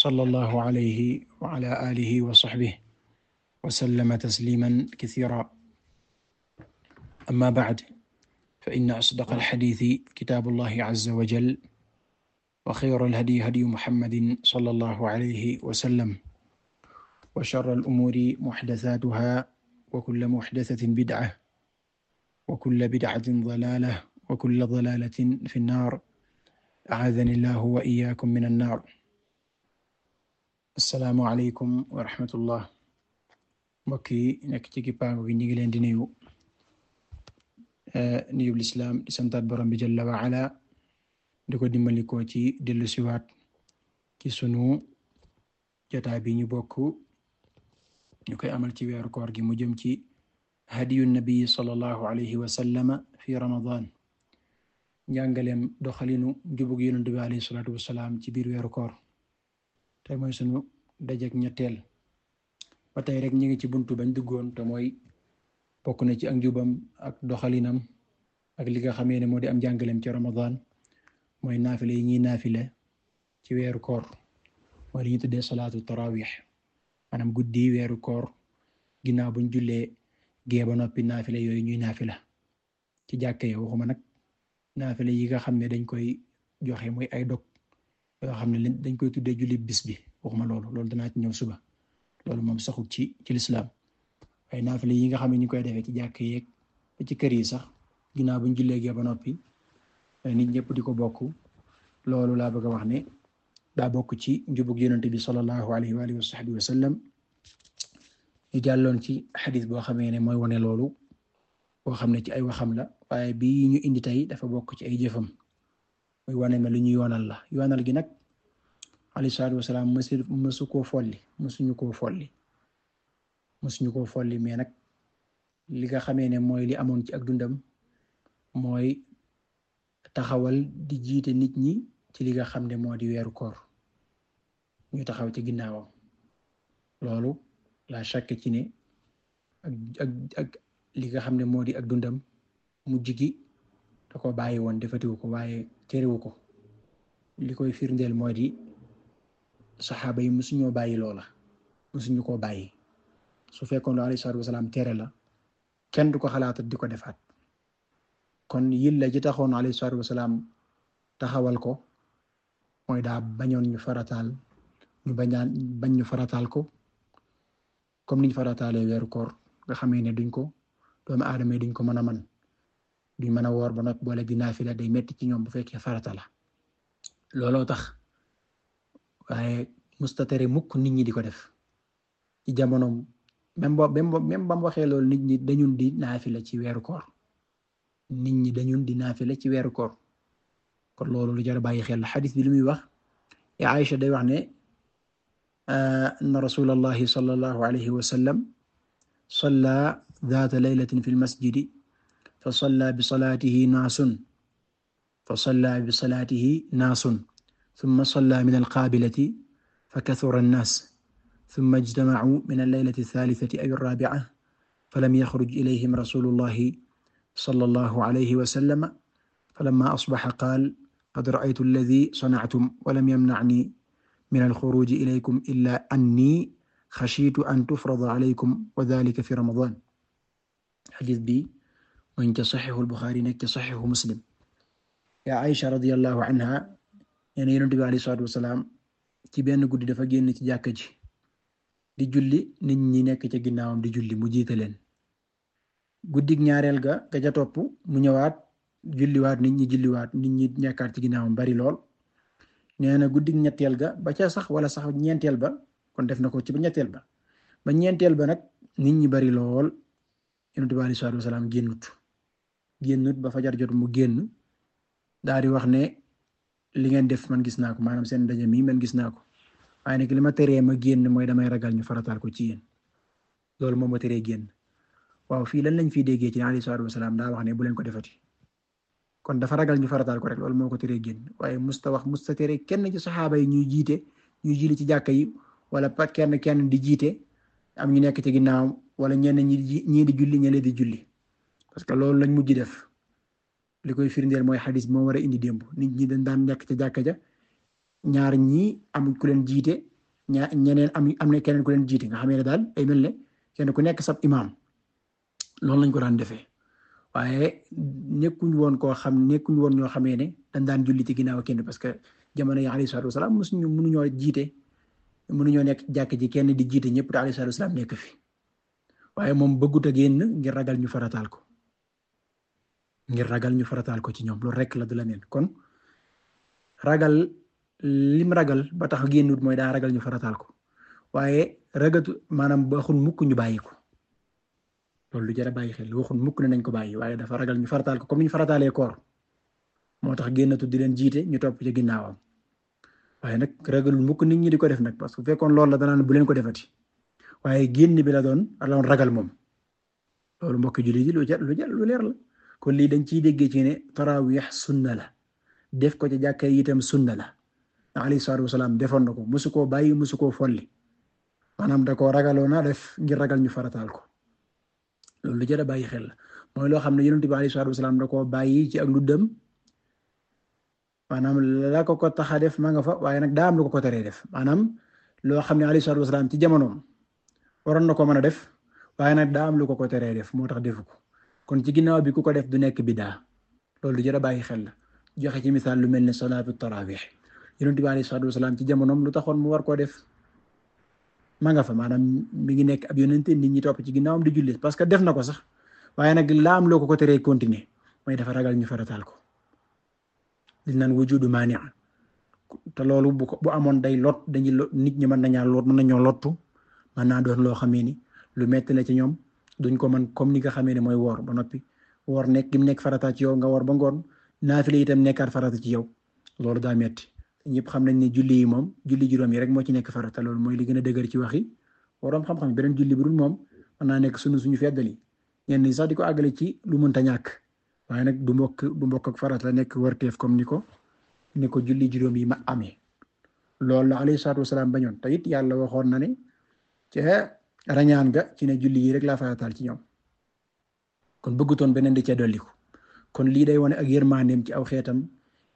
sallallahu alayhi wa ala alihi wa sahbihi wa sallama tasliman kathira amma ba'd fa inna asdaqa alhadithi kitabullahi azza wa jal wa khayra alhadi hadi muhammadin sallallahu alayhi wa sallam wa sharra al'umuri muhdathatuha wa kulla muhdathatin bid'a wa kulla bid'atin dalalah wa kulla dalalatin fi an-nar a'adhani allahu wa iyyakum min an-nar asalaamualeykum wa rahmatullah mbokk yi nekk ci kippaangu gi ñu ngi leen di nuyu eh, nuyub di santaat borom bi jalla wa ala di ko dimbalikoo ci dellu siwaat ci sunu jotaay bi ñu bokk ñu koy amal ci weeru koor gi mu jëm ci hadiyu nabii sallallahu alayhi wa sallama fi ramadan njàngaleem doxalinu jubug yonent bi alayhi salaatu ci biir weeru koor te mooy sunu dajeeg ñetteel ba tey rek ñu ngi ci buntu bañ duggoon te mooy bokk na ci ak njubam ak doxalinam ak li nga xamee ne moo di am jàngaleem ci Ramadan mooy naafile yi ñuy naafile ci weeru koor mooy li ñu tuddee salaatu tarawih maanaam guddi weeru koor ginnaaw buñ jullee gee ba noppi naafile yooyu ñuy naafila ci jàkkee waxuma nag naafile yi nga xam ne dañ koy joxe mooy ay dog yoo xam ne dañ koy tuddee julli bis bi waxuma loolu loolu danaa ñëw suba loolu moom saxul ci ci lislaam waaye naafile yi nga xam ne ñu koy defee ci jàkk yeeg ci kër yi sax ginnaaw buñ jullee gee ba noppi eh, nit ñëpp di ko bokk loolu laa bëgg a wax ne daa bokk ci njubug yonent bi sallallahu alayhi wa alihi wa sahbihi wa sallam ñu jàlloon ci xadis boo xamee ne mooy wane loolu boo xam ne ci ay waxam la waaye bi ñu indi tey dafa bokk ci ay jëfam mooy wane ne lu ñu yoonal la yoonal gi nag alayhi salaam wasalaam mësu mësu koo folli mësuñu koo folli mësuñu koo folli mais nag li nga xamee ne mooy li amoon ci ak dundam mooy taxawal di jiite nit ñi ci li nga xam ne moo di weeru koor ñu taxaw ci ginnaawam loolu la chaque ci ne ak li nga xam ne moo di ak dundam mu jigi da ko bàyyi woon defatiwu ko waaye terewu ko li koy firndeel moo di saxaaba yi mësuñoo bàyyi loola mësuñu koo bàyyi su fekkoon lu alayhi salaatu wasalaam tere la kenn du ko xalaatat di ko defaat kon yilla ji taxoon alayhi salaatu wasalaam taxawal ko mooy daa bañoon ñu farataal ñu bañaan bañ ñu farataal ko comme niñ farataalee weeru koor nga xamee ne duñ ko doomu aadama duñ ko mën a man duñ mën a woor ba noppi boole di naafila day metti ci ñoom bu fekkee faratala la tax waaye musta tere mukk nit ñi di ko def ci jamonoom même boo même waxee loolu nit ñi dañun di naafila ci weeru koor nit ñi dañun di naafila ci weeru koor kon loolu lu jar a bàyyi xel xadis bi li muy wax e Aïcha day wax ne anna rasulallahi sallallahu alayhi wa sallam salla zaata laylatin fi lmasjidi salla bi salaatihi naasun fa salla bi salaatihi naasun ثم صلى من القابلة فكثر الناس ثم اجتمعوا من الليلة الثالثة أو الرابعة فلم يخرج إليهم رسول الله صلى الله عليه وسلم فلما أصبح قال قد رأيت الذي صنعتم ولم يمنعني من الخروج إليكم إلا أني خشيت أن تفرض عليكم وذلك في رمضان xadis bi mu ngi ca saxiixul Buxaari nekk ca saxiixu Muslim yaa Aïcha radiyallahu anha nee na yonent bi alayhi salaatu ci benn guddi dafa génn ci jàkka ji di julli nit ñi nekk ca ginnaawam di julli mu jiite leen guddi ñaareel ga ga ca topp mu ñëwaat julliwaat nit ñi julliwaat nit ñi ñekkaat ci ginnaawam bari lool nee na guddig ñetteel ga ba ca sax wala sax ñeenteel ba kon def na ko ci ba ñetteel ba ba ñeenteel ba nag nit ñi bari lool yonent bi alayhi salaatu wasalaam génnut génnut ba fajar jot mu génn daal di wax ne li ngeen def man gis naa ko maanaam seen ndaje mi man gis ko waaye nag li ma teree ma génn mooy damay ragal ñu farataal ko ci yéen loolu moom ma teree génn waaw fii lan lañ fiy déggee ci ne alayhi salaatu daa wax ne bu leen ko defati kon dafa ragal ñu farataal ko rek loolu moo ko teree génn waaye musta wax musta teree kenn ci saxaaba yi ñuy jiite ñuy jili ci jàkka yi wala pa kenn kenn di jiite am ñu nekk ci ginnaawam wala ñenn ñi ñii di julli ñeneen di julli parce que loolu lañ mujj def. li koy firndeel mooy xadis bi moo war a indi démb nit ñi dañ daan nekk ca jàkka ja ñaar ñii amul ku leen jiite ñaar ñeneen am am na keneen ku leen jiite nga xamee ne daal day mel kenn ku nekk sab imaam loolu lañ ko daan defee waaye nekkuñ woon koo xam nekkuñ woon ñoo xamee ne dañ daan julli ci ginnaaw kenn parce que jamono yi alayhi salaatu wasalaam mosuñu mënuñoo jiite mënuñoo nekk jàkka ji kenn di jiite ñëpp te alayhi salaatu wasalaam nekk fi waaye moom bëggut a génn ngir ragal ñu farataal ko. ngir ragal ñu farataal ko ci ñoom loolu rek la du leneen kon ragal lim ragal ba tax génnut mooy daa ragal ñu farataal ko waaye ragatu maanaam waxul mukk ñu bàyyi ko loolu lu jar a bàyyi xel waxul mukk ne nañ ko bàyyi waaye dafa ragal ñu farataal ko comme ñu farataalee koor moo tax génnatu di leen jiite ñu topp ci ginnaawam waaye nag ragalul mukk nit ñi di ko def nag parce que fekkoon loolu la danaan bu leen ko defati waaye génn bi la doon la doon ragal moom loolu mbokk jullit yi lu jar lu lu leer la. kon lii dañ ciy déggee ci ne tarawih sunna la def ko ci jàkka yi itam sunna la alayhi salaatu wasalaam defoon na ko musu koo bàyyi musu koo folli maanaam da koo ragaloo na def ngir ragal ñu farataal ko loolu lu jar a bàyyi xel la mooy loo xam ne yonent bi alayhi salaatu koo bàyyi ci lu dëm maanaam ko tax a def ma nga fa waaye nag daa am teree def maanaam loo xam ne alayhi salaatu wasalaam ci jamonoom waroon na ko mën a def waaye nag daa am lu ko ko teree def moo tax defu ko kon ci ginnaaw bi ku ko def du nekk bidaa loolu jërë bàyyi xel la joxe ci misaal lu mel ne salaatu tarawih yonent bi alayhi salaatu wasalaam ci jamonoom lu taxoon mu war koo def nga fa maanaam mi ngi nekk ab yonent nit ñi topp ci ginnaawam di julli parce que def na ko sax waaye nag laam loo ko ko teree continuer mooy dafa ragal ñu farataal ko nan naan wujudu maani te loolu bu bu amoon day lot dañuy nit ñi mën nañaa lot mën nañoo lottu mën naa doon loo xamee ni lu metti la ci ñoom duñ ko mën comme ni nga xamee ne mooy woor ba noppi woor nekk gim nekk farata ci yow nga woor ba ngoon naafile itam nekkaat farata ci yow loolu daa metti ñëpp xam nañ ne julli yi moom julli juróom yi rek moo ci nekk farata loolu mooy li gën a dëgër ci waxi waroom xam-xam beneen julli bu moom mën nekk sunu suñu feddali ñenn ñi ko àggale ci lu mënta ñàkk waaye nag du mbokk du mbokk ak farata nekk warteef comme ni ko ni ko julli juróom yi ma amee loolu la alayhi salaatu wasalaam bañoon te it yàlla waxoon na ne ca rañaan ga ci ne julli yi rek laa farataal ci ñoom kon bëggutoon beneen di ca kon lii day wane ak yërmandeem ci aw xeetam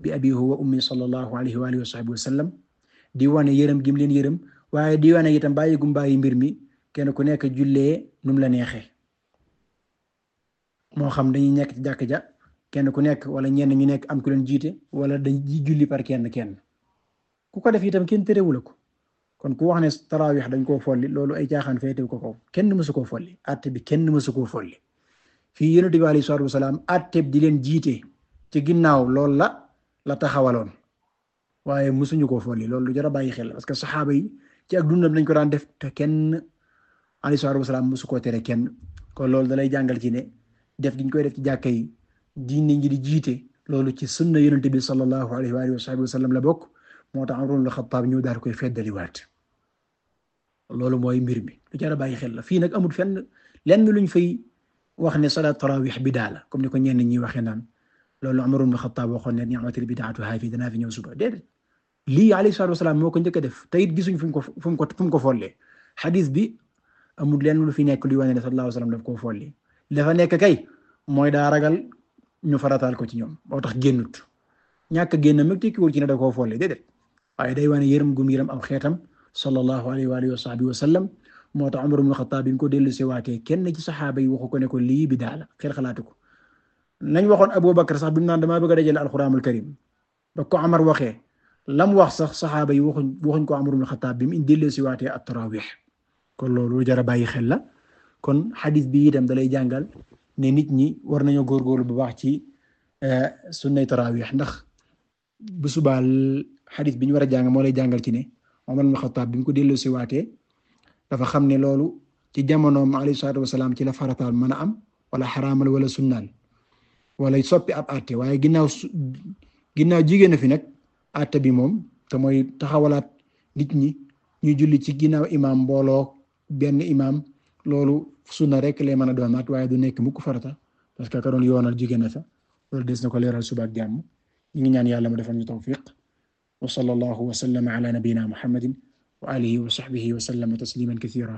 bi abihi wa ummi sallallahu alayhi wa alihi wa sahbihi wa sallam di wane yërëm gim leen yërëm waaye di wane itam bàyyi gum bàyyi mbir mi kenn ku nekk jullee num la neexee moo xam dañuy nekk ci jàkk ja kenn ku nekk wala ñenn ñu nekk am ku leen jiite wala dañ julli par kenn kenn ku ko def itam kenn terewul ko kon ku wax ne tarawih dañ koo folli loolu ay caaxaan féetewu ko kaw kenn mësu koo folli atte bi kenn mësu koo folli fii yonent bi alayhi salaatu wasalaam atte bi di leen jiite ci ginnaaw loolu la la taxawaloon waaye mësuñu koo folli loolu lu jar a bàyyi xel parce que saxaaba yi ci ak dundam dañ ko daan def te kenn alayhi salaatu wasalaam mësu koo tere kenn kon loolu dalay jàngal ci ne def giñ koy def ci jàkka yi diine ngi di jiite loolu ci sunna yonent bi sallallahu alayhi wa sallam la bokk moo tax Umar ibn Xattaab ñëw daal koy feddaliwaat loolu mooy mbir mi lu jar a bàyyi xel la fii nag amul fenn lenn luñ fay wax ne salaat tarawih bidaa la comme ni ko ñenn ñi waxee naan loolu Umar ibn Xattaab waxoon ne ni'matul bidaatu haa fii danaa fi ñëw suba déedéet lii alayhi salaatu wasalaam moo ko njëkk def te it gisuñ fu mu fu mu ko fu mu ko bi amul lenn lu fi nekk luy wane ne sallallahu alayhi wasallam daf koo follee dafa nekk kay mooy daa ragal ñu farataal ko ci ñoom moo tax génnut ñàkk a génn mëg tekkiwul ci ne da koo follee déedéet waaye day wane yërëm gum yërëm am xeetam sallallahu alayhi wa alihi wa sahbihi wa sallam moo tax Umar ibn Khattab bi ñu ko dellu si waatee kenn ci saxaaba yi waxu ko ne ko lii bidaa la xel xalaatu ko nañ waxoon Aboubacar sax bi mu naan damaa bëgg a dajale alxuraanul karim ba ko Amar waxee lam wax sax saxaaba yi waxuñ waxuñ ko Umar ibn Khattab bi mu dellu si waatee at tarawih kon loolu jar a bàyyi xel la kon xadiis bi itam dalay jàngal ne nit ñi war nañoo góorgóorlu bu baax ci eh, sunnay tarawih ndax bu subaa xadis bi ñu war a jàng moo lay jàngal ci ne. Omar ibn Khattab bi mu ko delloosi waatee dafa xam ne loolu ci jamono alayhi salaatu wasalaam ci la farataal mën a am wala xaraamal wala sunnaal wala soppi ab àtte waaye ginnaaw ginnaaw jigéen fi nag àtte bi moom te mooy taxawalaat nit ñi ñuy julli ci ginnaaw imaam mbooloo benn imaam loolu sunna rek lay man a doonaat waaye du nekk mukk farata parce que ka doon yoonal jigéen a loolu des na ko leeral suba ak jàmm ñu ñaan yàlla mu defal ñu tawfiq wa sallallahu wa sallam ala nabiyyina muhammadin wa alihi wa sahbihi wa sallama tasliman kathira